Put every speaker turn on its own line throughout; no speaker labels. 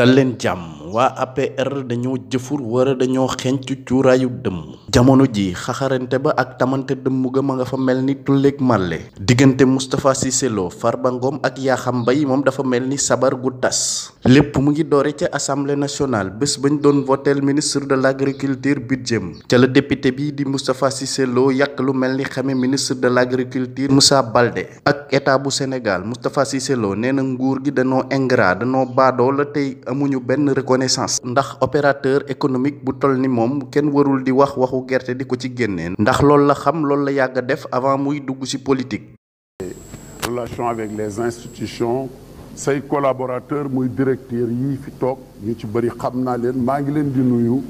dal leen jàmm waa APR dañoo jëfur wara dañoo xenc cuuraayu dëmm jamono ji xaxarante ba ak tamante dëmm ga ma nga fa mel ni tulleeg màlle diggante Moustapha Cissé Lo Farba Ngom ak Yakham Mbaye moom dafa mel ni sabar gu tas lépp mu ngi doore ca assemblée nationale bés bañ doon voteel ministre de l' agriculture budget ca la député bi di Moustapha Cissé Lo lu mel ni xame ministre de l' agriculture Moussa Baldé ak état bu Sénégal Moustapha Cissé Lo nee na nguur gi dañoo ingrat danoo baadoo la tey amuñu benn reconnaissance reconnaissance ndax opérateur économique bu toll ni moom kenn warul di wax waxu gerte di ko ci génnee ndax loolu la xam loolu la
yàgg a def avant muy dugg ci politique relation avec les institutions say collaborateurs muy directeur yii fi toog ñu ci bëri xam naa leen maa ngi leen di nuyu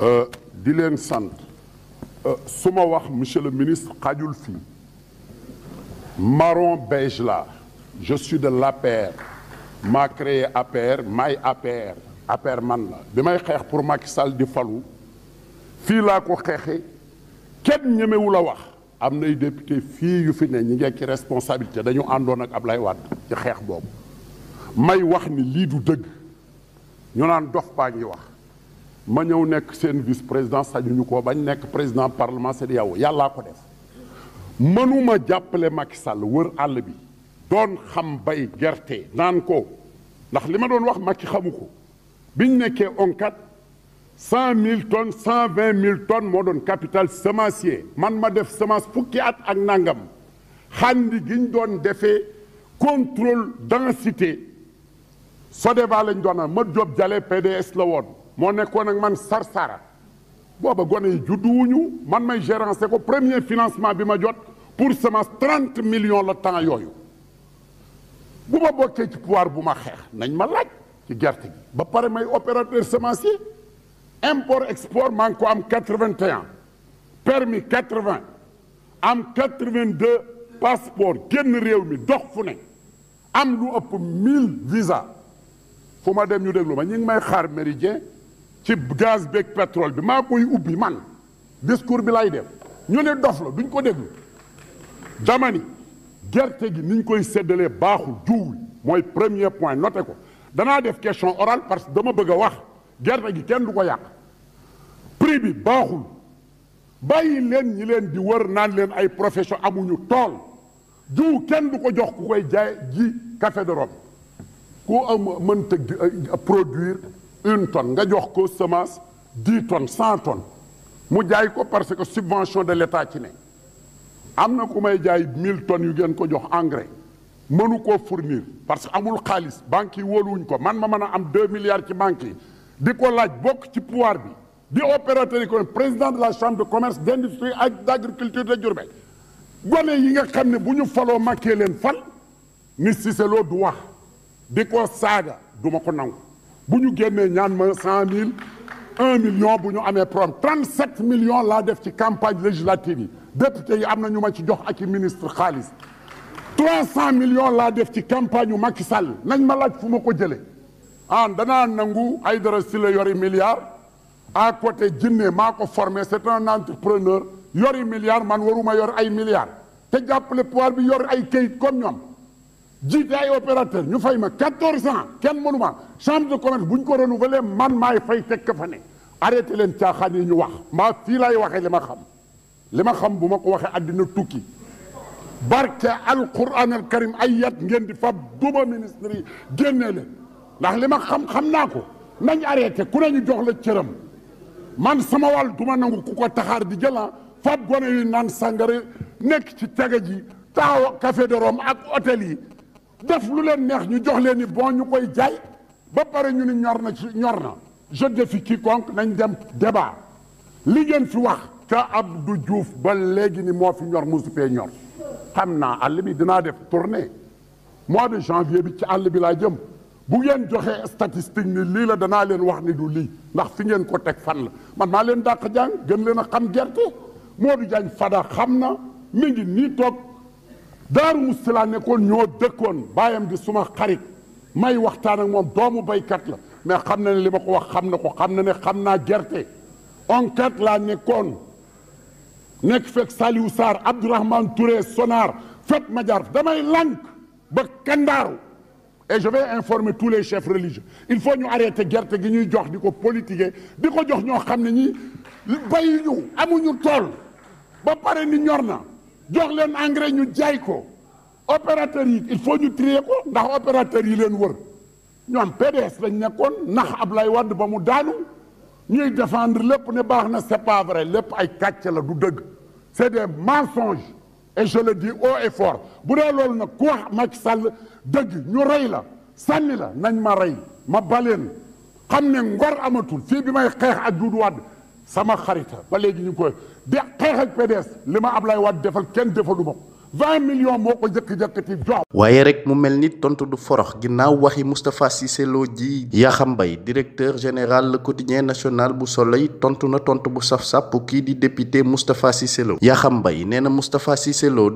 euh, di leen sant euh, su ma wax monsieur le ministre xajul fi maron beige la je suis de l'APR maa créé APR maay APR affaire man la bi may xeex pour Macky sal di falu fii laa ko xeexe kenn ñemewul a wax am nay député fii yu fi ne ñi ngi ci responsabilité dañu àndoon ak Ablaye Wade ci xeex boobu may wax ni lii du dëgg ñu naan dof baa ngi wax ma ñëw nekk seen vice président sañuñu ko bañ nekk président parlement c'est yow yàllaa ko def mënuma jàppale Macky Sall wër àll bi doon xam bay gerte naan ko ndax li ma doon wax makki xamu ko biñ nekkee ONCAD cent mille tonnes cent vingt mille tonnes moo doon capital semencier man ma def semence fukki at ak nangam xandi giñ doon defee contrôle densité Sodeva lañ doon am ma Diop Jale PDS la woon moo nekkoon ak man Sarsara booba gone yi judduwuñu man may gérancé ko premier financement bi ma jot pour semence trente million la temps yooyu bu ma bokkee ci pouvoir bu ma xeex nañ ma laaj ci gerte gi ba pare may opérateur semencier import export maa ngi ko am quatre-vingt-un permis quatre-vingt am quatre-vingt-deux passeport génn réew mi dox fu ne am lu ëpp mille visa fu ma dem ñu déglu ma ñu may xaar méridien ci gaz beeg pétrole bi maa koy ubbi man discours bi lay def ñu ne dof la duñ ko déglu dama gerte gi niñ koy séddalee baaxul juuwul mooy premier point noté ko danaa def question orale parce que dama bëgg wax gerte gi kenn du ko yàq prix bi baaxul bàyyi leen ñi leen di wër naan leen ay profession amuñu tool jiw kenn du ko jox ku koy jaay ji café de Rome ku am mënta euh, produire une tonne nga jox ko semence di tonnes cent tonnes mu jaay ko parce que subvention de l'État ci ne am na ku may jaay mille tonnes yu ngeen ko jox engrais mënu koo fournir parce que amul xaalis banques yi wóoluwuñ ko man ma mën a am deux milliards ci banques di ko laaj bokk ci pouvoir bi di opérateur économique président de la chambre de commerce d' industrie ak d' agriculture de Diourbel gone yi nga xam ne bu ñu faloo màkkee leen fal ni Cissé du wax di ko saaga du ma ko nangu bu ñu génnee ñaan ma cent mille un million bu ñu amee problème trente sept millions laa def ci campagne législative yi député yi am na ñu ma ci jox ak i ministre xaalis 300 millions laa def ci campagne yu Macky Sall nañ ma laaj fu ma ko jëlee ah danaa nangu ay dara si la yori milliard à côté jinne maa ko formé c'est un entrepreneur yori milliard man waruma yor ay milliard te jàpp jàppale pouvoir bi yor ay kayit comme ñoom jiite ay opérateur ñu fay ma 14 ans kenn mënuma chambre de commerce bu ñu ko renouvelé man maay fay tekk fa ne arrêté leen caaxaan yi ñu wax mbaa fii laay waxee li ma xam li ma xam bu ma ko waxee àddina tukki barke alquran al karim ay yat ngeen di fab duma ministre yi génnee ndax li ma xam xam naa ko nañ arrêté ku nañu jox la cëram man sama wàll duma nangu ku ko taxaar di jëla ah. fab gone yu naan sàngara nekk ci tege ji taxaw café de Rome ak hôtel yi def lu leen neex ñu jox leen ni bon ñu koy jaay ba pare ñu ni ñor na ci ñor na je défie quiconque nañ dem débat li ngeen fi wax ab du Diouf ba léegi ni moo fi ñor musu fee ñor xam naa àll bi dinaa def tournée mois de janvier bi ci àll bi laa jëm bu ngeen joxee statistique ni lii la danaa leen wax ni du lii ndax fi ngeen ko teg fan la man maa leen dàq jàng gën leen a xam gerte du Diagne Fada xam na mi ngi nii toog Daaru Musti nekkoon ñoo dëkkoon bàyyam di suma xarit may waxtaan ak moom doomu baykat la mais xam na ne li ma ko wax xam na ko xam na ne xam naa gerte on enquête laa nekkoon nekk fekk Saliou Sarr Abdourahmane Touré Sonar Fatma Diarra damay lànk ba kandaaru et je vais informer tous les chefs religieux il faut ñu arrêter gerte gi ñuy jox di ko politiquer di ko jox ñoo xam ne ñi ñu amuñu tool ba pare ni ñor na jox leen engrais ñu jaay ko opérateur yi il faut ñu trier ko ndax opérateur yi leen wër ñoom PDS lañ nekkoon nax Ablaye Wade ba mu daanu ñuy défendre lépp ne baax na c'est pas vrai lépp ay kàcc la du dëgg c'est des mensonges et je le dis haut et bu dee loolu nag ku wax Macky Sall dëgg ñu rey la sànni la nañ ma rey ma baleen xam ne ngor amatul fii bi may xeex ak Doudou Wade sama xarita ba léegi ñu koy de xeex ak PDS li ma Ablaye Wade defal kenn defalu ma ko vingt millions moo ko jëkki-jëkkati jox
waaye rek mu mel ni tontu du forox ginnaaw waxi Moustapha Cissé Lo ji Yaxam Mbaye directeur général le quotidien national bu Soleil tontu na tontu bu saf-sàpp kii di député Moustapha Cissé Lo Yaxam Mbaye nee na Moustapha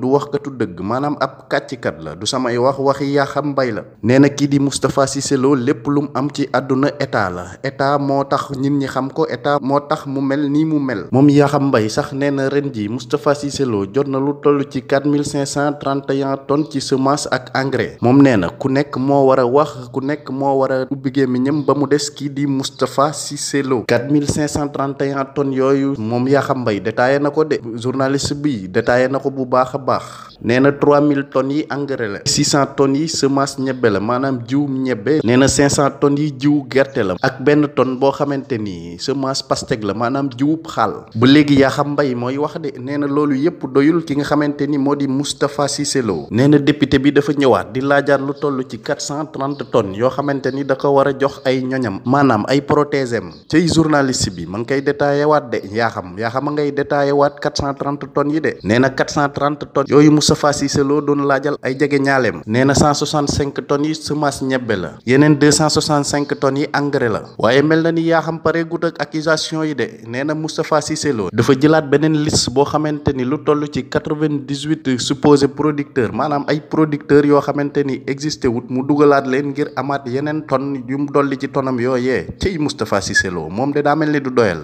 du waxkatu dëgg maanaam ab kàccikat la du samay wax waxi Yaxam Mbaye la nee na kii di Moustapha Cissé Lo lépp lu mu am ci àdduna état la état moo tax nit ñi xam ko état moo tax mu mel nii mu mel moom Yaxam Mbaye sax nee na ren ji Moustapha Cissé Lo jot na lu toll ci 4 cinq cent trente et un tonnes ci semence ak engrais moom nee na ku nekk moo war a wax ku nekk moo war a ubbi gémmiñam ba mu des kii di Moustapha Cissé Lo quatre mille cinq cent trente et un tonnes yooyu moom yaa Yakham mbay détaillé na ko de journaliste bi détaillé na ko bu baax a baax nee na 3000 tonnes yi engrais la 600 tonnes yi semence ñebe la maanaam jiw ñebe nee na 500 tonnes yi jiw gerte la ak benn tonne boo xamante ni semence pastèque la maanaam jiwub xaal bu léegi yaa xam mbay mooy wax de nee na loolu yépp doyul ki nga xamante ni moo di Moustapha Cissé Lo nee na député bi dafa ñëwaat di laajaat lu toll ci 430 tonnes yoo xamante ni da ko war a jox ay ñoñam maanaam ay protégem cay journaliste bi ma ngi koy détaillé waat de yaa xam yaa xam a ngay détaillé waat na 430 tonnes Moustapha Cissé Lo doon laajal ay jege ñaaleem nee na 165 tonnes yi semence ñebbe la yeneen 265 tonnes yi engrais la waaye mel na ni yaa xam pare gut ak accusation yi de nee na Moustapha Cissé Lo dafa jëlaat beneen liste boo xamante ni lu toll ci 98 supposé producteur maanaam ay producteurs yoo xamante ni existé wut mu dugalaat leen ngir amaat yeneen tonnes yu mu dolli ci tonam yooyee ciy Moustapha Cissé Lo moom de daa mel
ni du doyal.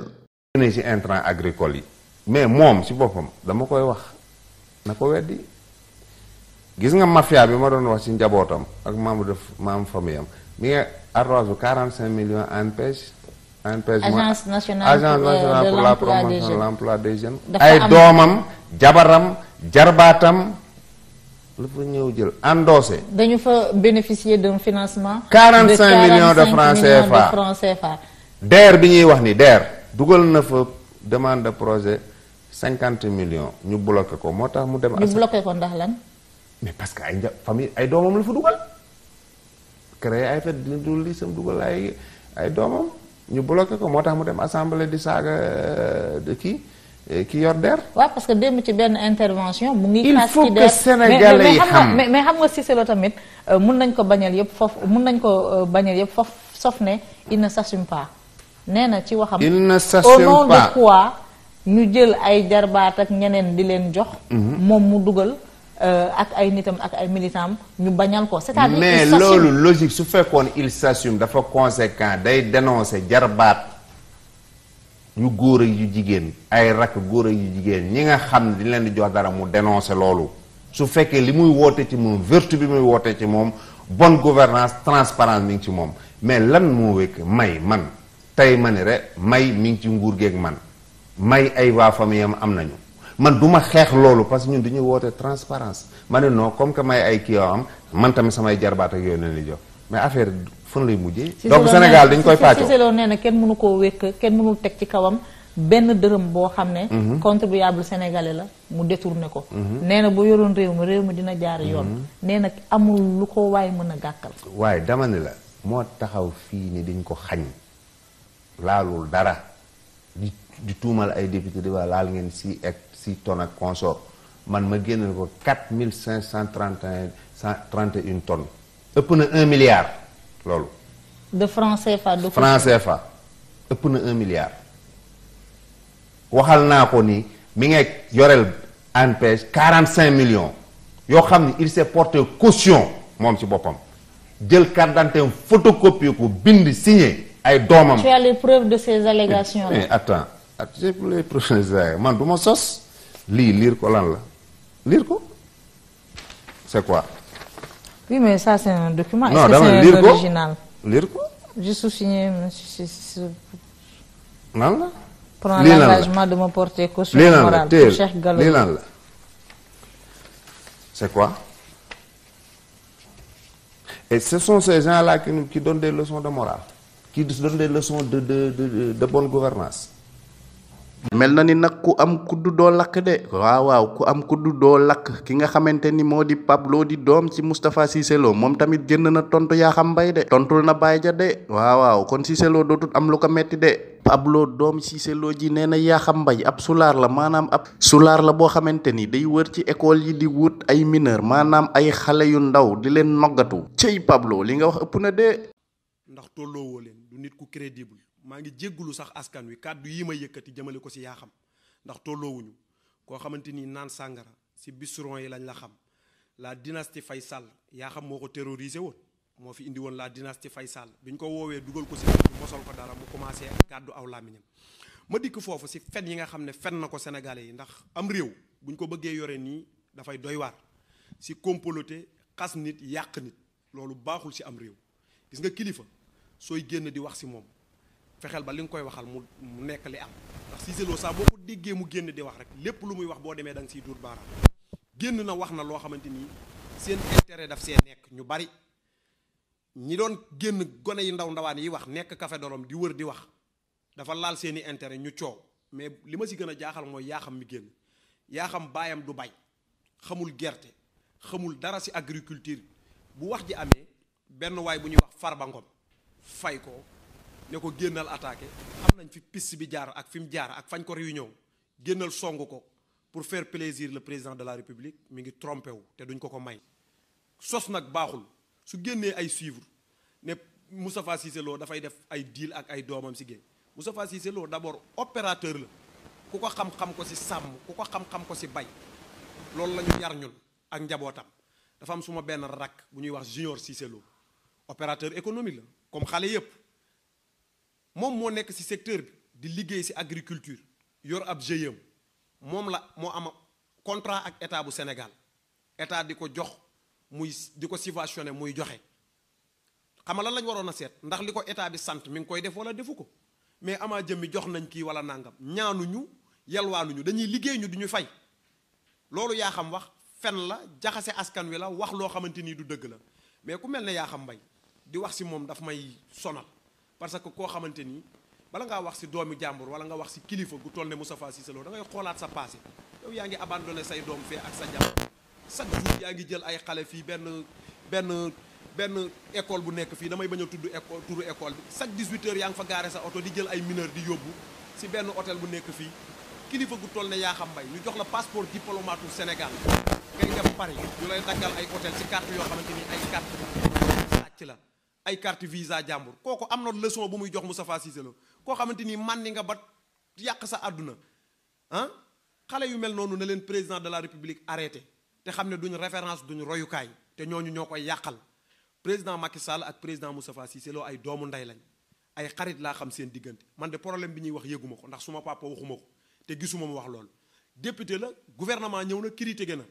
ne intrant agricole yi mais moom ci boppam dama wax gis nga mafia bi ma doon wax ci njabootam ak membre de membre famille am mi ngi arrose bu 45 millions ANPEJ. ANPEJ mooy agence nationale agence euh, nationale pour la promotion de l' emploi des jeunes. ay doomam jabaram jarbaatam lu fa ñëw jël endossé. dañu fa bénéficier d'un financement. de 45 millions de francs CFA. DER bi ñuy wax ni DER dugal na fa demande projet 50 millions ñu bloqué ko moo tax mu dem. ñu bloqué ko ndax lan. mais parce que ay nja famille ay doomam la fa dugal créé ay fet dina lii sam dugal ay doomam ñu bloqué ko moo tax mu dem assemblée di saaga euh, de kii euh, ki yor der. waaw parce que démb ci benn intervention. mu ngi il faut que mais mais xam nga Cissé Lo tamit euh, mun nañ ko bañal yëpp foofu mun nañ ko bañal yëpp foofu sauf ne il ne s'assume pas nee na ci waxam. il ne s'assume pas au jël ay jarbaat ak ñeneen di leen jox. Mhm.
moom mu dugal. Euh, ak ay nitam ak ay militam ñu bañal ko. c'est-à-dire mais loolu
logique su fekkoon il s'assume dafa conséquent day dénoncer jarbaat yu góor ak yu jigéen ay rakk góor ak yu jigéen ñi nga xam ne dañ leen di jox dara mu dénoncer loolu su fekkee li muy woote ci moom vertu bi muy wootee ci moom bonne gouvernance transparence mi ngi ci moom mais lan moo wekk may man tey ma ne rek may mi ngi ci nguur geeg man may ay waa famille am am nañu man du ma xeex loolu parce que ñun dañuy woote transparence ma ne non comme que may ay kii yoo am man tamit samay jarbaat ak yooyu leen li jox mais affaire fan lay mujjee. donc Sénégal dañ koy pàccoo Cissé nee na kenn mënu koo wékk kenn
mënul teg ci kawam benn dërëm boo xam ne. Mhm. contribuable sénégalais la mu détourné ko.
Mhm. nee na bu
yoroon réew mi réew dina jaar mhm. yoon. nee na amul lu ko waaye mën a gàkkal.
waaye dama ne la moo taxaw fii ni dañ ko xañ laalul dara di di tuumal ay député di laal ngeen si ak. si tonnes ak consort man ma génn ko quatre mille cinq cent trente et un une tonnes ëpp na un milliard loolu. de franc CFA de. franc CFA ëpp na un milliard. waxal naa ko ni mi ngi yoreel ANPEJ quarante cinq millions yoo xam ni il s'est porté caution moom ci boppam jël carte d'identité photocopie ko bind signé ay doomam. tu as les preuves de ces allégations là. Eh, man du ma sos. lii liir ko lan la liir ko c'est quoi.
oui mais ça c'est un document. non
dama liir ko est-ce que c'est original. liir ko.
je soussigné monsieur si
nan la. prend l'engagement
de me porter caution morale pour Cheikh Gallo lii lan
la c'est quoi. et ce sont ces gens-là qui nous qui donnent des leçons de morale qui donnent des leçons de de de de bonne gouvernance
mel na ni nag
ku am kuddu doo lakk de waaw waaw ku am kuddu
doo lakk ki nga xamante ni moo di Pape di doom ci Moustapha Cissé moom tamit génn na tontu yaa xam mbay de tontul na baay ja de waaw waaw kon Cissé dootut am lu ko metti de Pape doom Cissé ji nee na Yakham Mbaye ab sulaar la maanaam ab sulaar la boo xamante ni day wër ci école yi di wut ay mineur maanaam ay xale yu ndaw di leen noggatu cëy Pape li nga wax ëpp na de.
ndax tolloo leen du nit ku crédible maa ngi jéggulu sax askan wi kàddu yi ma yëkkati jëmale ko si yaa xam ndax tolloowuñu koo xamante ni naan sàngara si bisturon yi lañ la xam la dynastie fay Sall yaa xam moo ko terrorisé woon moo fi indi woon la dynastie fay Sall bi ñu ko woowee dugal ko si mosal ko dara mu commencé kàddu aw làmmiñam ma dikk foofu si fet yi nga xam ne fen na ko sénégalais yi ndax am réew bu ñu ko bëggee yore nii dafay doy si comploté xas nit yàq nit loolu baaxul si am réew gis nga kilifa sooy génn di wax si moom fexeel ba li nga koy waxal mu mu nekk li am ndax Cissé Lo saa boo ko déggee mu génn di wax rek lépp lu muy wax boo demee danga nga siy duut baaraam génn na wax na loo xamante ni seen intérêt daf see nekk ñu bari ñi doon génn gone yi ndaw ndawaan yi wax nekk café dorom di wër di wax dafa laal seeni intérêt ñu coow mais li ma si gën a jaaxal mooy yaa xam mi génn yaa xam baayam du bay xamul gerte xamul dara si agriculture bu wax ji amee benn waay bu ñuy wax Farba Ngom fay ko ne ko génnal attaqué am nañ fi pist bi jaar ak fi mu jaar ak fañ ko réunion génnal song ko pour faire plaisir le président de la république mi ngi trompé wu te duñ ko ko may sos nag baaxul su génnee ay suivre ne Moustapha Cissé dafay def ay deal ak ay doomam si géey Moustapha Cissé Lo d'abord opérateur la ku ko xam-xam ko si sàmm ku ko xam-xam ko si bay loolu la yar ñun ak njabootam dafa am suma benn rakk bu ñuy wax Junior Cissé Lo opérateur économique la comme xale yëpp moom moo nekk ci secteur bi di liggéey ci agriculture yor ab GIEM moom la moo am contrat ak état bu Sénégal état di ko jox muy di ko subventionné muy joxe xam la lañ waroon a seet ndax li ko état bi sant mi ngi koy def wala defu ko mais amaa jëmmi jox nañ kii wala nangam ñaanuñu ñu dañuy liggéey ñu du ñu fay loolu yaa xam wax fenn la jaxase askan wi la wax loo xamante ni du dëgg la mais ku mel ne yaa xam mbay di wax ci moom daf may sonal. parce que koo xamante ni bala ngaa wax si doomi jàmbur wala nga wax si kilifa gu toll ne Moustapha Cissé Lo da ngay xoolaat sa passé yow yaa ngi abandonné say doom fee ak sa jàmbur chaque jour yaa ngi jël ay xale fii benn benn benn école bu nekk fii damay bañ a tudd école turu école bi chaque 18 yaa ngi fa gaare sa oto di jël ay mineur di yóbbu si benn hôtel bu nekk fii kilifa gu toll ne yaa xam mbay ñu jox la passeport diplomatu Sénégal ngay dem Paris ñu lay daggal ay hôtel si carte yoo xamante ni ay carte sàcc la ay carte visa jàmbur kooku am na leçon bu muy jox Moustapha Cissé Lo koo xamante ni màndi nga ba yàq sa àdduna ah xale yu mel noonu na leen président de la république arrêté te xam ne duñ référence duñ royukaay te ñooñu ñoo koy yàqal président Macky Sall ak président Moustapha Cissé ay doomu ndey lañ ay xarit laa xam seen diggante man de problème bi ñuy wax yëguma ko ndax suma papa waxuma ko te gisuma mu wax loolu député la gouvernement ñëw na critiqué na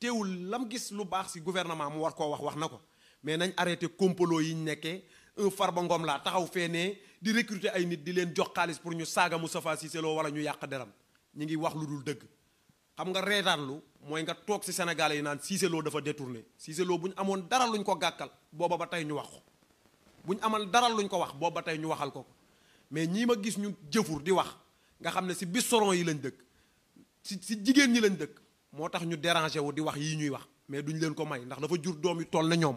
teewul lam gis lu baax si gouvernement mu war koo wax wax na ko mais nañ arrêté complot yi ñu nekkee far euh, Farba ngoom laa taxaw fee nee di recruter ay nit di leen jox xaalis pour ñu saaga Moustapha Cissé Lo ñu yàq deram ñu ngi wax lu dul dëgg xam nga reetaanlu mooy nga toog ci Sénégal yi naan Cissé dafa détourné Cissé bu ñu amoon dara luñ ko gàkkal booba ba tey ñu wax ko bu ñu amal dara luñ ko wax booba ba tey ñu waxal ko mais ñii ma gis ñu jëfur di wax nga xam ne ci bistoron yi lañ dëkk si ci jigéen ñi lañ dëkk moo tax ñu dérangé wu di wax yii ñuy wax mais duñ leen ko may ndax dafa jur doom yu toll na ñoom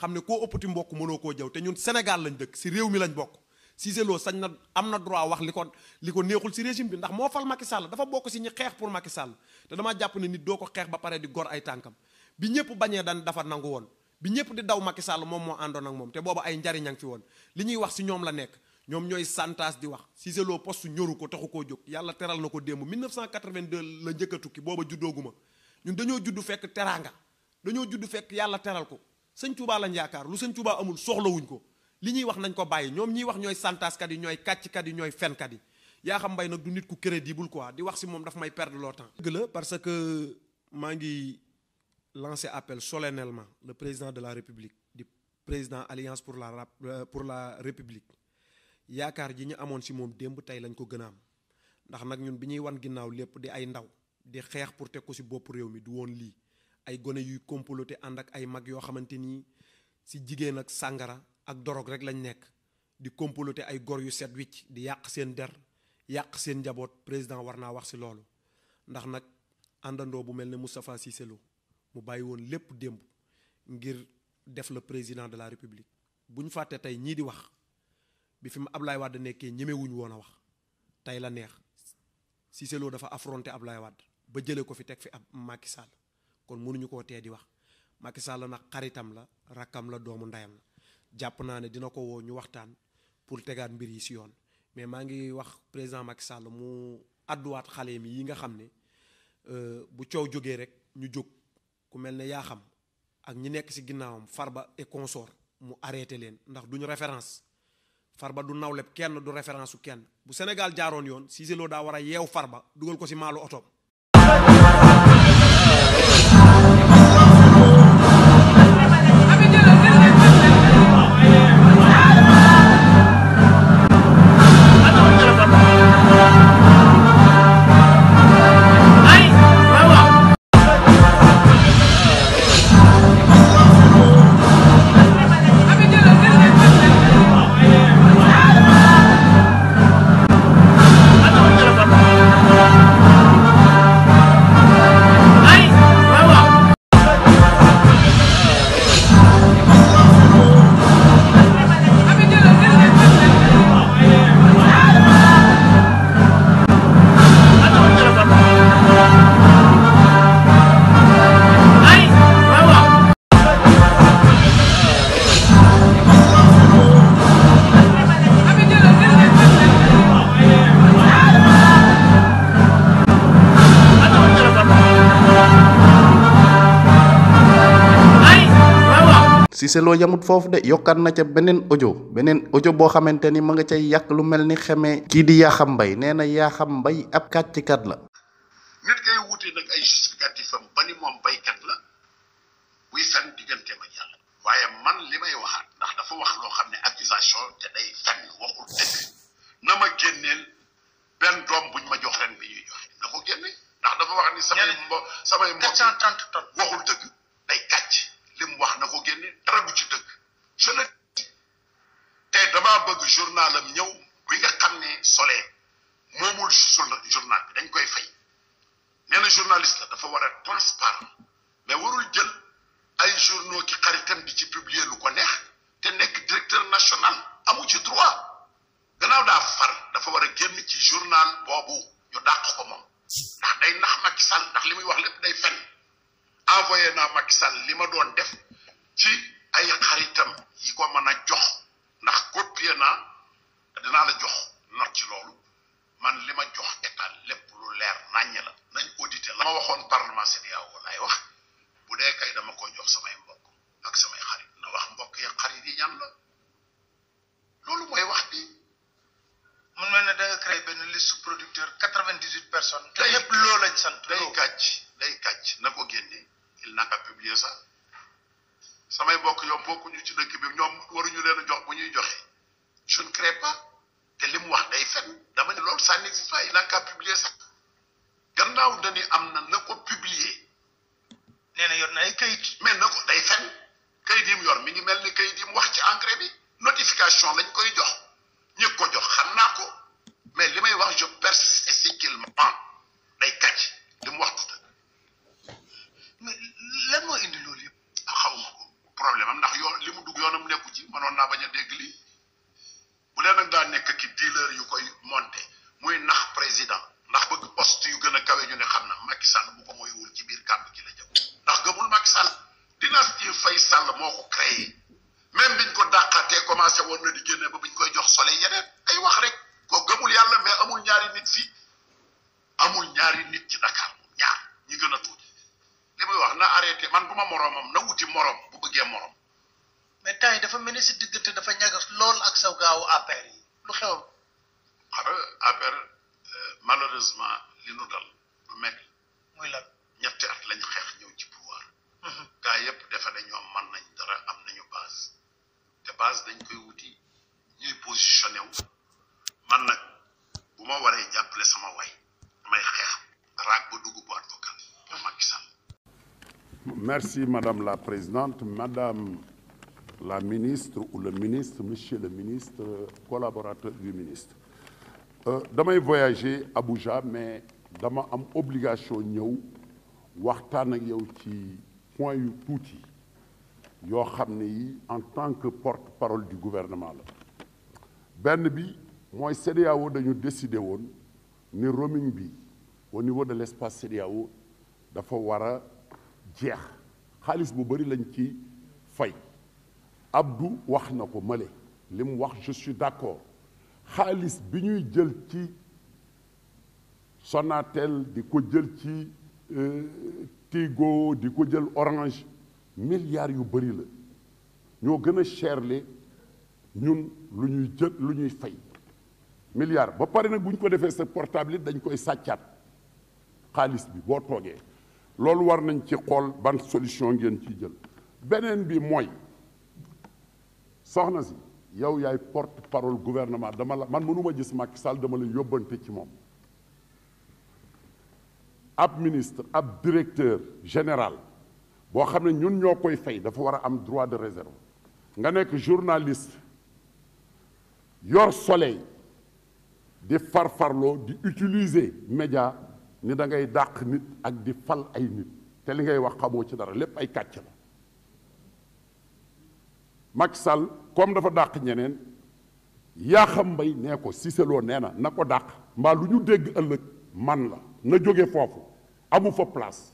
xam ne koo ëppati mbokk mënoo koo jaw te ñun Sénégal lañ dëkk si réew mi lañ bokk Cissé Lo sañ na am na droit wax li ko li ko neexul si régime bi ndax moo fal Macky Sall dafa bokk si ñu xeex pour Macky Sall te damaa jàpp ne nit doo ko xeex ba pare di gor ay tànkam bi ñëpp bañee daan dafa nangu woon bi ñëpp di daw Macky Sall moom moo àndoon ak moom te boobu ay njariñ fi woon li ñuy wax si ñoom la nekk ñoom ñooy santas di wax Cissé Lo poste ñoru ko taxu koo jóg yàlla teral na ko démb 1982 la njëkk a tukki booba juddooguma ñun dañoo judd fekk teraanga dañoo judd fekk yàlla teral ko sëñ Touba lañ yaakaar lu sëñ Touba amul soxlawuñ ko li ñuy wax nañ ko bàyyi ñoom ñiy wax ñooy santaaskat yi ñooy kàcckat yi ñooy fenkat yi yaa xam mbay nag du nit ku crédible quoi di wax si moom daf may perdre le temps. dëgg la parce que maa ngi lancé appel solennellement le président de la république di président alliance pour la euh, pour la république yaakaar ji ñu amoon si moom démb tey lañ ko gën a am ndax nag ñun bi ñuy wan ginnaaw lépp di ay ndaw di xeex pour teg si bopp réew mi du woon lii. ay gone yuy comploté ànd ak ay mag yoo xamante nii si jigéen ak sàngara ak doroog rek lañ nekk di comploté ay gor yu set wicc di yàq seen der yàq seen njaboot président war naa wax si loolu ndax nag àndandoo bu mel ne Moustapha Cissé Lo mu bàyyi woon lépp démb ngir def la président de la république bu ñu fàtte tey ñii di wax bi fi mu Ablaye Wade nekkee ñemewuñu woon a wax tey la neex Cissé Lo dafa affronté lay Wade ba jëlee ko fi teg fi ab Macky Sall kon mënuñu koo tee di wax Macky Sall nag xaritam la rakkam la doomu ndeyam la jàpp naa ne dina ko woo ñu waxtaan pour tegaat mbir yi si yoon mais maa ngi wax président Macky Sall mu adduwaat xale mi yi nga xam ne euh, bu coow jógee rek ñu jóg ku mel ne yaa xam ak ñi nekk si ginnaawam far ba consort mu arrêté leen ndax duñu référence ba du nawleb kenn du référence su kenn bu Sénégal jaaroon yoon Cissé Lo daa war a yeew far ba dugal ko si maalu otoom
Cissé Lo yamut foofu de yokkaat na ca beneen audio beneen audio boo xamante ni ma nga cay yàq lu mel ni xamee kii di Yaxam Mbaye nee na Yaxam Mbaye ab kàccikat la
nit kay wuute nag ay justificatif am ba ni moom baykat la buy fen digganteem ak yàlla waaye man li may waxaat ndax dafa wax loo xam ne accusation te day fen waxul dëgg na ma génneel benn doom buñ ma jox ren bi ñuy joxe na ko génne ndax dafa wax ni samay mbo samay mbo waxul dëgg day kàcc li wax na ko génne dara bu ci dëgg je le dis tey damaa bëgg journalam ñëw bi nga xam ne soleil moomul journal bi dañ koy fay nee na journaliste la dafa war a transparent mais warul jël ay journaux ki xaritam di ci publier lu ko neex te nekk directeur national amu ci droit gannaaw daa far dafa war a génn ci journal boobu ñu dàq ko moom ndax day nax Macky Sall ndax li muy wax lépp day fen envoyé naa Macky Sall li ma doon def ci ay xaritam yi ko mën a jox ndax copié naa dinaa la jox not ci loolu man li ma jox état lépp lu leer naññ la nañ audité la ma waxoon parlement CEDEAO laay wax bu dee kay dama ko jox samay mbokk ak samay xarit na wax mbokk ya xarit yi ñan la loolu mooy wax bi mun mel ne da nga créé benn liste producteur quatre-vingt-dix-huit personnes te lépp lañ sant day kàcc day kàcc na ko génne il n'a qu'à publier ça mbokk ñoom ci dëkk bi ñoom waruñu leen a jox bu ñuy joxe je ne te li mu wax day fen dama ne loolu ça n'existe pas il n'a qu'à publier ça gannaaw dañuy am na na ko publier. nee na yor na ay kayit. mais na ko day fen kayit yi mu yor mi ngi mel ni kayit yi mu wax ci engrais bi notification lañ koy jox ñu ko jox xam naa ko mais li may wax je persiste et c'est qu'il ment day kàcc li mu wax lan moo indi loolu yëpp ah, xaw ma ko am ndax yoon li mu dugg yoonam nekku ci mënoon naa bañ a dégg lii bu leen nag daa nekk ki dealer yu koy monté muy nax président ndax bëgg poste yu gën a kawe ñu ne xam na Macky Sall bu ko moywul ci biir kàmb gi la jëm ndax gëmul Macky Sall dynastie Faye Sall moo ko créé même biñ ko dàqatee commencé woon na di génne ba biñ koy jox soleil yeneen ay wax rek ko gëmul yàlla mais amul ñaari nit fii amul ñaari nit ci Dakar ñaar ñi gën a tuuti wax na arrêté man bu ma moroomam na wuti moroom bu bëggee moroom.
mais yi dafa mel ni si dafa ñagas lool ak saw gaaw APR yi lu xew.
xam nga APR euh, malheureusement li nu dal lu metti at lañ xeex ñëw ci pouvoir. Mhm. gaa yëpp defe ne ñoom man nañ dara am nañu base te base dañ koy wuti ñuy positionné wu man nag bu waree jàppale sama way damay xeex raag ba dugg boîte vocale pour Macky Sall Merci, Madame la Présidente. Madame la ministre ou le ministre, monsieur le ministre, collaborateur du ministre. Euh, damay voyager Abuja mais dama am obligation ñëw waxtaan ak yow ci point yu tuuti yoo xam ne yi en tant que porte-parole du gouvernement la benn bi mooy CEDEAO dañu décider woon ni roaming bi au niveau de l'espace CEDEAO dafa war jeex xaalis bu bari lañ ci fay Abdou wax na ko male li mu wax je suis d'accord xaalis bi ñuy jël ci Sonatel di ko jël ci euh, Tigo di ko jël Orange milliards yu bëri la ñoo gën a cherle ñun lu ñuy jël lu ñuy fay milliards ba pare nag bu ñu ko defee sa portable it dañ koy sàccaat xaalis bi boo toogee loolu war nañ ci xool ban solution ngeen ci jël beneen bi mooy soxna si yow yaay porte parole gouvernement dama la man mënuma gis Macky Sall dama la yóbbante ci moom ab ministre ab directeur général boo xam ne ñun ñoo koy fay dafa war a am droit de réserve nga nekk journaliste yor soleil di farfarloo di utiliser média ni da ngay dàq nit ak di fal ay nit te li ngay wax xamoo ci dara lépp ay kàcc la Macky Sall comme dafa dàq ñeneen yaa xam mbay nee ko Cissé Lo nee na na ko dàq mbaa lu ñu dégg ëllëg man la na jóge foofu amu fa place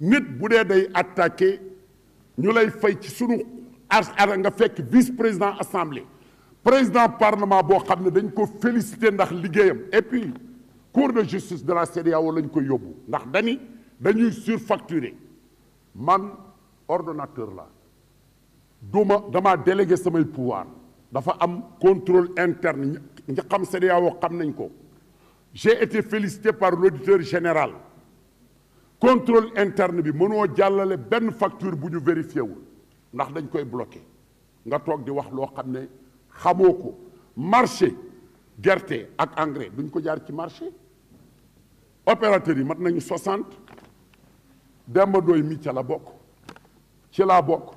nit bu dee day attaqué ñu lay fay ci sunu ar nga fekk vice président assemblée président parlement boo xam ne dañ ko félicité ndax liggéeyam et puis cour de justice de la CEDEAO lañ koy yóbbu ndax dani dañuy surfacturer man ordinateur la duma dama délégué samay pouvoir dafa am contrôle interne ñi xam CEDEAO xam nañ ko j'ai été félicité par l'auditeur général contrôle interne bi mënoo jàllale benn facture bu ñu vérifié wul ndax dañ koy bloqué nga toog di wax loo xam ne xamoo ko marché gerte ak engrais duñ ko jaar ci marché opérateurs yi mat nañu 60 Demba Doy mi ca la bokk ci la bokk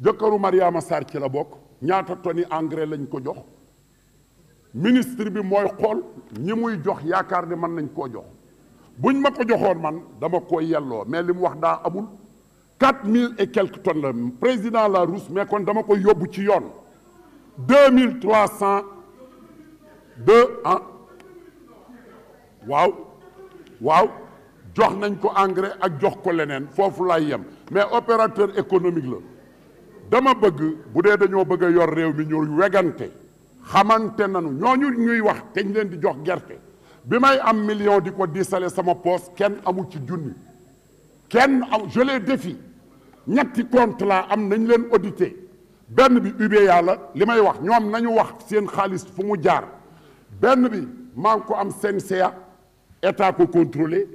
jëkkëru Mariama Sarr ci la bokk ñaata toni engrais lañ ko jox ministre bi mooy xool ñi muy jox yaakaar ne mën nañ koo jox buñ ma ko joxoon man dama ko yelloo mais li mu wax daa amul quatre mille et quelques tonnes la président la rousse mais kon dama koy yóbbu ci yoon deux mille trois waaw waaw jox nañ ko engrais ak jox ko leneen foofu laay yem mais opérateur économique la dama bëgg bu dee dañoo bëgg a yor réew mi ñu wegante xamante nañu ñooñu ñuy wax teñ leen di jox gerte bi may am million di ko diisale sama poos kenn amul ci junni kenn am je les défie ñetti compte laa am nañ leen audité benn bi UBA yàlla li may wax ñoom nañu wax seen xaalis fu mu jaar benn bi maa ngi ko am seen état ko contrôlé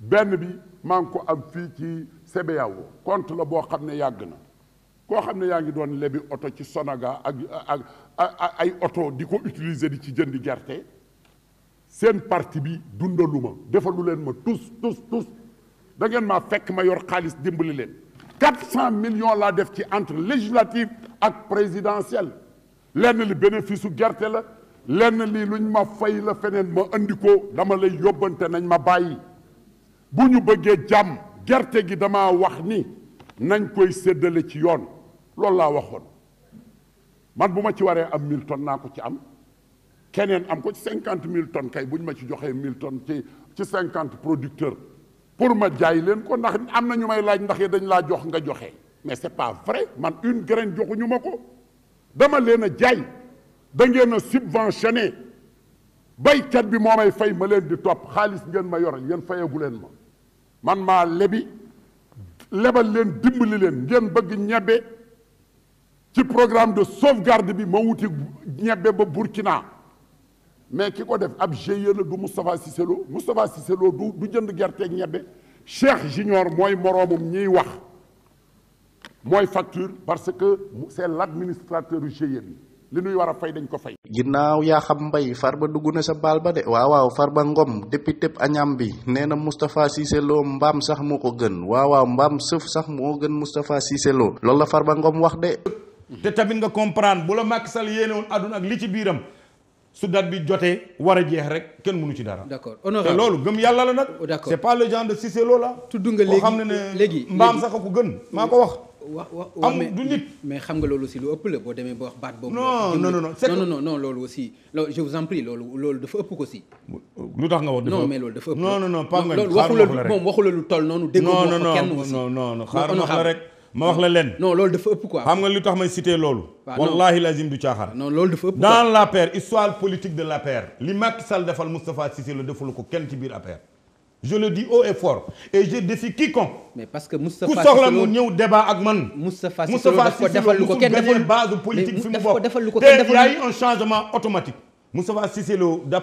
benn bi maa ngi ko am fii ci CBAO compte la boo xam ne yàgg na koo xam ne yaa ngi doon lebi oto ci Sonaga ak ak ay oto di ko utiliser di ci jëndi gerte seen parti bi dundalu ma defalu leen ma tous tous tous da ngeen maa fekk ma yor xaalis dimbali leen quatre cent millions laa def ci entre législative ak présidentielle lenn li bénéfice su gerte la lenn lii luñ ma fay la feneen ma indikoo dama lay yóbbante nañ ma bàyyi bu ñu bëggee jàmm gerte gi dama wax ni nañ koy séddale ci yoon loolu laa waxoon man bu ma ci waree am mille tonnes naa ko ci am keneen am ko ci cinquante mille ton kay bu ñu ma ci joxee mille tonnes ci ci cinquante producteur pour ma jaay leen ko ndax am na ñu may laaj ndax yi dañ laa jox nga joxe mais c'est pas vrai man une graine joxuñu ma ko dama leen a jaay. da ngeen a subventionné baykat bi moo may fay ma leen di topp xaalis ngeen ma yoral ngeen fayagu leen ma man maa lebi lebal leen dimbali leen ngeen bëgg ñebe ci programme de sauvegarde bi ma wuti ñebe ba Burkina mais ki ko def ab GIE la du Moustapha Cissé Lo Moustapha Cissé Lo du du jënd gerteeg ñebe Cheikh Junior mooy moroomum ñiy wax mooy facture parce que c'est l'administrateur GIE bi li nuy war a fay dañ ko fay.
ginnaaw yaa xam mbay far ba dugg na sa baal ba de waaw waaw Farba Ngom député añam bi nee na Moustapha Cissé Lo mbaam sax moo ko gën waaw waaw mbaam sëf sax moo gën Moustapha Cissé Lo loolu la far ba Ngom wax de.
te tamit nga comprendre bu la Macky sal yéene woon àdduna ak li ci biiram su date bi jotee war a jeex rek kenn mënu ci dara. d'accord te loolu gëm yàlla la nag. d'accord c'est pas le genre de Cissé Lo la. tudd nga léegi koo xam ne mbaam sax a ko gën maa ko wax. wax wa amul du nit mais xam nga loolu aussi lu ëpp la boo demee ba wax baat boobu. non non non non c'est que non non non loolu dafa ëpp ko si. lu tax nga wax non mais loolu dafa ëpp. non non lu toll noonu. déggoo ko kenn aussi non non non xaaral wax leen non loolu dafa ëpp quoi. xam nga lu tax may cité loolu. wallahi lazim du caaxaan. non loolu dafa ëpp dans l'APR histoire politique de l'APR. li Macky Sall defal Moustapha Cissé Lo deful ko kenn ci biir APR je le dis haut et fort et je défie quiconque. mais parce que Moustapha Cissé Lô ku soxla mu ñëw débat ak man. Moustapha Cissé Lô daf ko defal lu ko kenn deful base politique fi mu bokk te y a eu un changement automatique. Moustapha Cissé Lô d'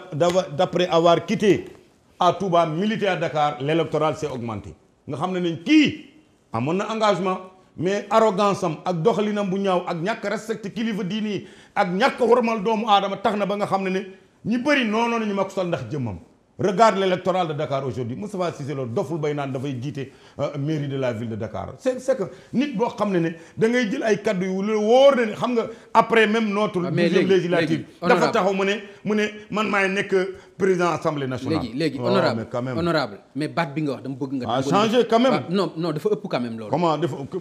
après avoir Dakar l' électoral s' est augmenté nga xam ne nañ kii amoon na engagement mais arrogance am ak doxalinam bu ñaaw ak ñàkk respecté kilifa diini ak ñàkk a warmal doomu aadama tax na ba nga xam ne ne ñu bëri noonu la ñu mag sol ndax jëmmam. Regarde l'électoral de Dakar aujourd'hui Moustapha Cissé Lo doful bay naan dafay jiite euh, mairie de la ville de Dakar c'est c'est nit boo xam ne ne da jël ay kaddu yu lu wóor na ne xam nga après même notre ah, deuxième législative dafa man maay nekk président assemblée nationale léegi léegi oh, honorable quand même mais baat bi nga wax dama bëgg nga ah changé quand même non non dafa ëpp quand même loolu comment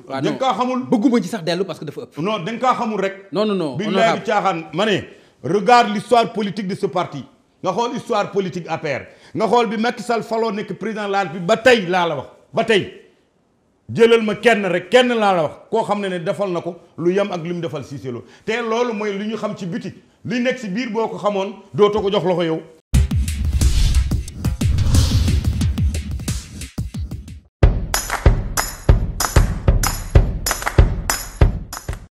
ah, kaa xamul bëgguma ci sax dellu parce que dafa ëpp non da nga kaa xamul rek non non non caaxaan ma ne regarde parti nga xool histoire politique APR nga xool bi Macky Sall faloo nekk président laal bi ba tey laa la wax ba tey jëlal ma kenn rek kenn laa la wax koo xam ne ne defal na ko lu yem ak li mu defal Cissé Lo te loolu mooy lu ñu xam ci biti li nekk si biir boo ko xamoon doo ko jox la ko yow